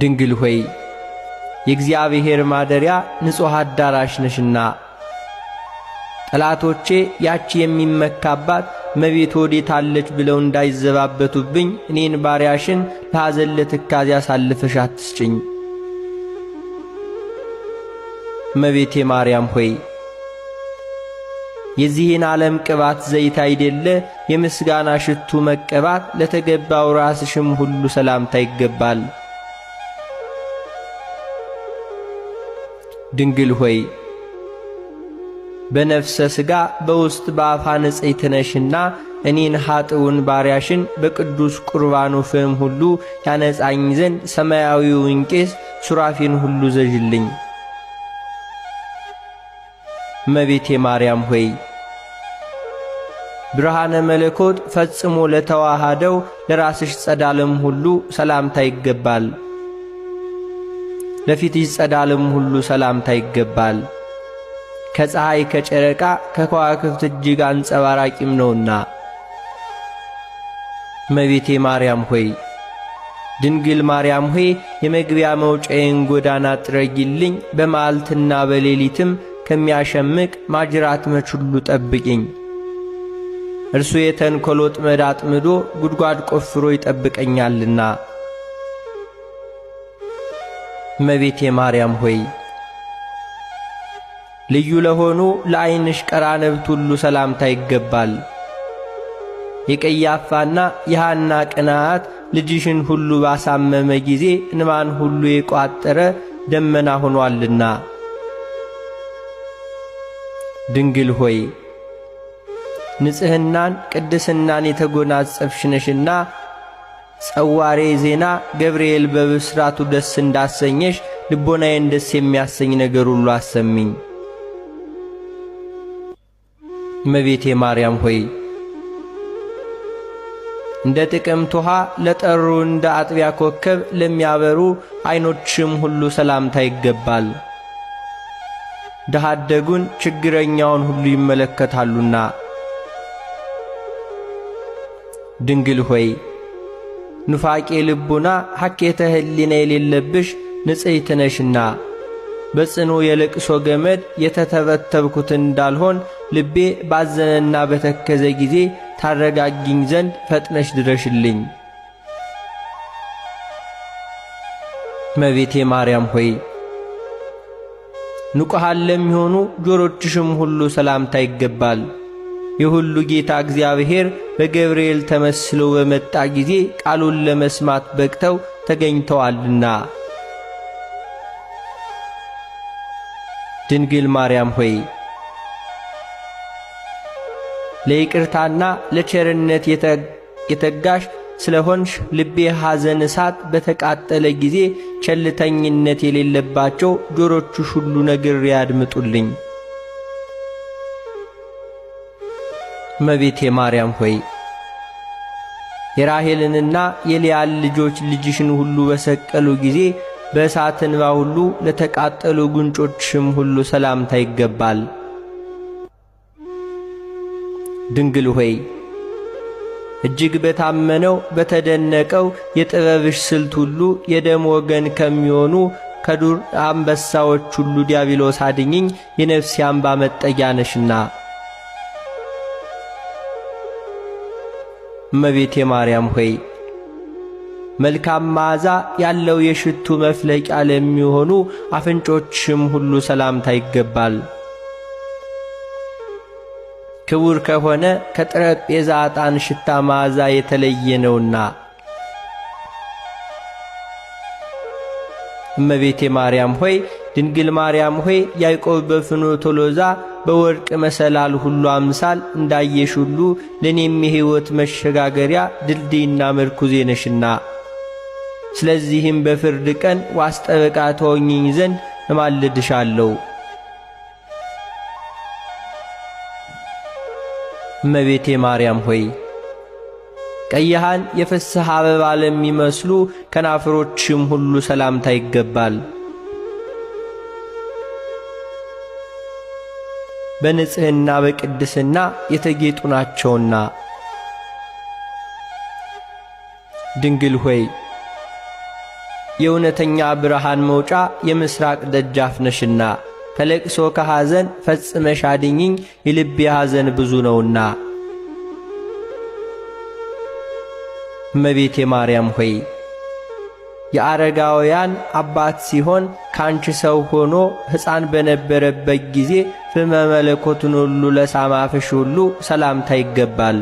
ድንግል ሆይ የእግዚአብሔር ማደሪያ ንጹሕ አዳራሽ ነሽና ጠላቶቼ ያቺ የሚመካባት መቤት ወዴት አለች ብለው እንዳይዘባበቱብኝ እኔን ባሪያሽን ለሐዘን ለትካዜ አሳልፈሽ አትስጭኝ። መቤቴ ማርያም ሆይ የዚህን ዓለም ቅባት ዘይት አይደለ የምስጋና ሽቱ መቀባት ለተገባው ራስሽም ሁሉ ሰላምታ ይገባል። ድንግል ሆይ በነፍሰ ሥጋ በውስጥ በአፋ ንጽሕት ነሽና እኔን ኀጥውን ባሪያሽን በቅዱስ ቁርባኑ ፍም ሁሉ ያነጻኝ ዘንድ ሰማያዊውን ቄስ ሱራፊን ሁሉ ዘዥልኝ። እመቤቴ ማርያም ሆይ ብርሃነ መለኮት ፈጽሞ ለተዋሃደው ለራስሽ ጸዳለም ሁሉ ሰላምታ ይገባል። ለፊትሽ ጸዳልም ሁሉ ሰላምታ ይገባል። ከፀሐይ ከጨረቃ ከከዋክብት እጅግ አንጸባራቂም ነውና። መቤቴ ማርያም ሆይ ድንግል ማርያም ሆይ የመግቢያ መውጫዬን ጎዳና ጥረጊልኝ፣ በመዓልትና በሌሊትም ከሚያሸምቅ ማጅራት መች ሁሉ ጠብቂኝ። እርሱ የተንኰል ወጥመድ አጥምዶ ጉድጓድ ቆፍሮ ይጠብቀኛልና እመቤቴ ማርያም ሆይ ልዩ ለሆኑ ለዐይንሽ ቀራንብት ሁሉ ሰላምታ ይገባል። የቀያፋና የሐና ቅናት ልጅሽን ሁሉ ባሳመመ ጊዜ እንባን ሁሉ የቋጠረ ደመና ሆኗልና፣ ድንግል ሆይ ንጽሕናን ቅድስናን የተጎናጸፍሽ ነሽና ጸዋሬ ዜና ገብርኤል በብስራቱ ደስ እንዳሰኘሽ ልቦናዬን ደስ የሚያሰኝ ነገር ሁሉ አሰሚኝ። እመቤቴ ማርያም ሆይ እንደ ጥቅምት ውሃ ለጠሩ እንደ አጥቢያ ኮከብ ለሚያበሩ ዐይኖችም ሁሉ ሰላምታ ይገባል። ደሃደጉን ችግረኛውን ሁሉ ይመለከታሉና ድንግል ሆይ ኑፋቄ ልቡና ሐኬተ ሕሊና የሌለብሽ ንጽሕት ነሽና በጽኑ የለቅሶ ገመድ የተተበተብኩት እንዳልሆን ልቤ ባዘነና በተከዘ ጊዜ ታረጋጊኝ ዘንድ ፈጥነሽ ድረሽልኝ። መቤቴ ማርያም ሆይ ንቁሃን ለሚሆኑ ጆሮችሽም ሁሉ ሰላምታ ይገባል። የሁሉ ጌታ እግዚአብሔር በገብርኤል ተመስሎ በመጣ ጊዜ ቃሉን ለመስማት በቅተው ተገኝተዋልና። ድንግል ማርያም ሆይ ለይቅርታና ለቸርነት የተጋሽ ስለሆንሽ ልቤ ሐዘን እሳት በተቃጠለ ጊዜ ቸልተኝነት የሌለባቸው ጆሮቹሽ ሁሉ ነግሬ ያድምጡልኝ። እመቤቴ ማርያም ሆይ የራሔልንና የሊያል ልጆች ልጅሽን ሁሉ በሰቀሉ ጊዜ በእሳት እንባ ሁሉ ለተቃጠሉ ጉንጮችሽም ሁሉ ሰላምታ ይገባል። ድንግል ሆይ እጅግ በታመነው በተደነቀው የጥበብሽ ስልት ሁሉ የደም ወገን ከሚሆኑ ከዱር አንበሳዎች ሁሉ ዲያብሎስ አድኝኝ የነፍሴ አምባ መጠጊያ ነሽና እመቤቴ ማርያም ሆይ መልካም መዓዛ ያለው የሽቱ መፍለቂያ ለሚሆኑ አፍንጮችም ሁሉ ሰላምታ ይገባል። ክቡር ከሆነ ከጠረጴዛ ዕጣን ሽታ መዓዛ የተለየ ነውና። እመቤቴ ማርያም ሆይ ድንግል ማርያም ሆይ ያዕቆብ በፍኖተ ቶሎዛ በወርቅ መሰላል ሁሉ አምሳል እንዳየሽ ሁሉ ለእኔም የሕይወት መሸጋገሪያ ድልድይና መርኩዜ ነሽና፣ ስለዚህም በፍርድ ቀን ዋስ ጠበቃ ተወኝኝ ዘንድ እማልድሻለሁ። እመቤቴ ማርያም ሆይ ቀይሃን የፍስሐ አበባ ለሚመስሉ ከናፍሮችም ሁሉ ሰላምታ ይገባል። በንጽሕና በቅድስና የተጌጡ ናቸውና። ድንግል ሆይ የእውነተኛ ብርሃን መውጫ የምሥራቅ ደጃፍ ነሽና ከለቅሶ ከሐዘን ፈጽመሽ አድኝኝ፣ የልቤ ሐዘን ብዙ ነውና። እመቤቴ ማርያም ሆይ የአረጋውያን አባት ሲሆን ካንቺ ሰው ሆኖ ሕፃን በነበረበት ጊዜ ፍመ መለኮቱን ሁሉ ለሳማፍሽ ሁሉ ሰላምታ ይገባል።